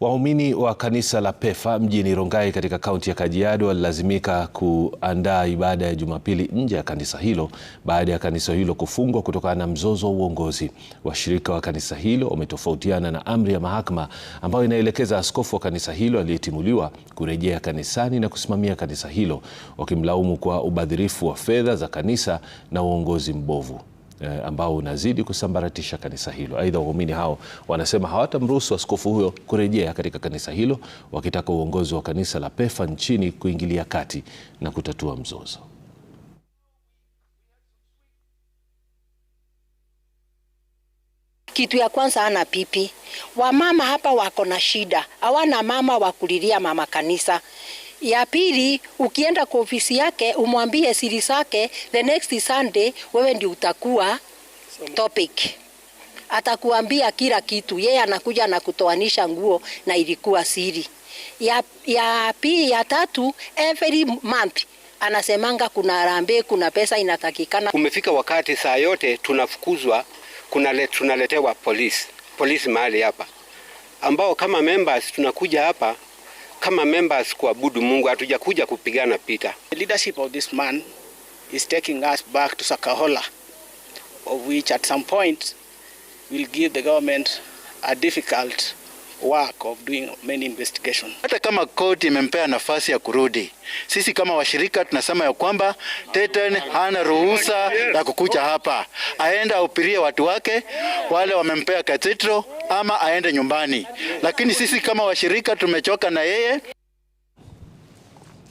Waumini wa kanisa la PEFA mjini Rongai katika kaunti ya Kajiado walilazimika kuandaa ibada ya Jumapili nje ya kanisa hilo baada ya kanisa hilo kufungwa kutokana na mzozo wa uongozi. Washirika wa kanisa hilo wametofautiana na amri ya mahakama ambayo inaelekeza askofu wa kanisa hilo aliyetimuliwa kurejea kanisani na kusimamia kanisa hilo, wakimlaumu kwa ubadhirifu wa fedha za kanisa na uongozi mbovu eh, ambao unazidi kusambaratisha kanisa hilo. Aidha, waumini hao wanasema hawatamruhusu askofu huyo kurejea katika kanisa hilo, wakitaka uongozi wa kanisa la pefa nchini kuingilia kati na kutatua mzozo. Kitu ya kwanza ana pipi, wamama hapa wako na shida, hawana mama wa kulilia mama kanisa. Ya pili, ukienda kwa ofisi yake umwambie siri zake, the next Sunday wewe ndio utakuwa topic. Atakuambia kila kitu, yeye anakuja na kutoanisha nguo na ilikuwa siri. Ya, ya pili, ya tatu, every month anasemanga kuna harambee, kuna pesa inatakikana. Umefika wakati saa yote tunafukuzwa, kuna tunaletewa polisi polisi mahali hapa, ambao kama members tunakuja hapa kama members kuabudu Mungu, hatujakuja kupigana Peter. The leadership of this man is taking us back to Sakahola of which at some point will give the government a difficult work of doing many investigation. Hata kama koti imempea nafasi ya kurudi, sisi kama washirika tunasema ya kwamba Teten hana ruhusa ya kukuja hapa, aende aupirie watu wake wale wamempea katitro, ama aende nyumbani, lakini sisi kama washirika tumechoka na yeye.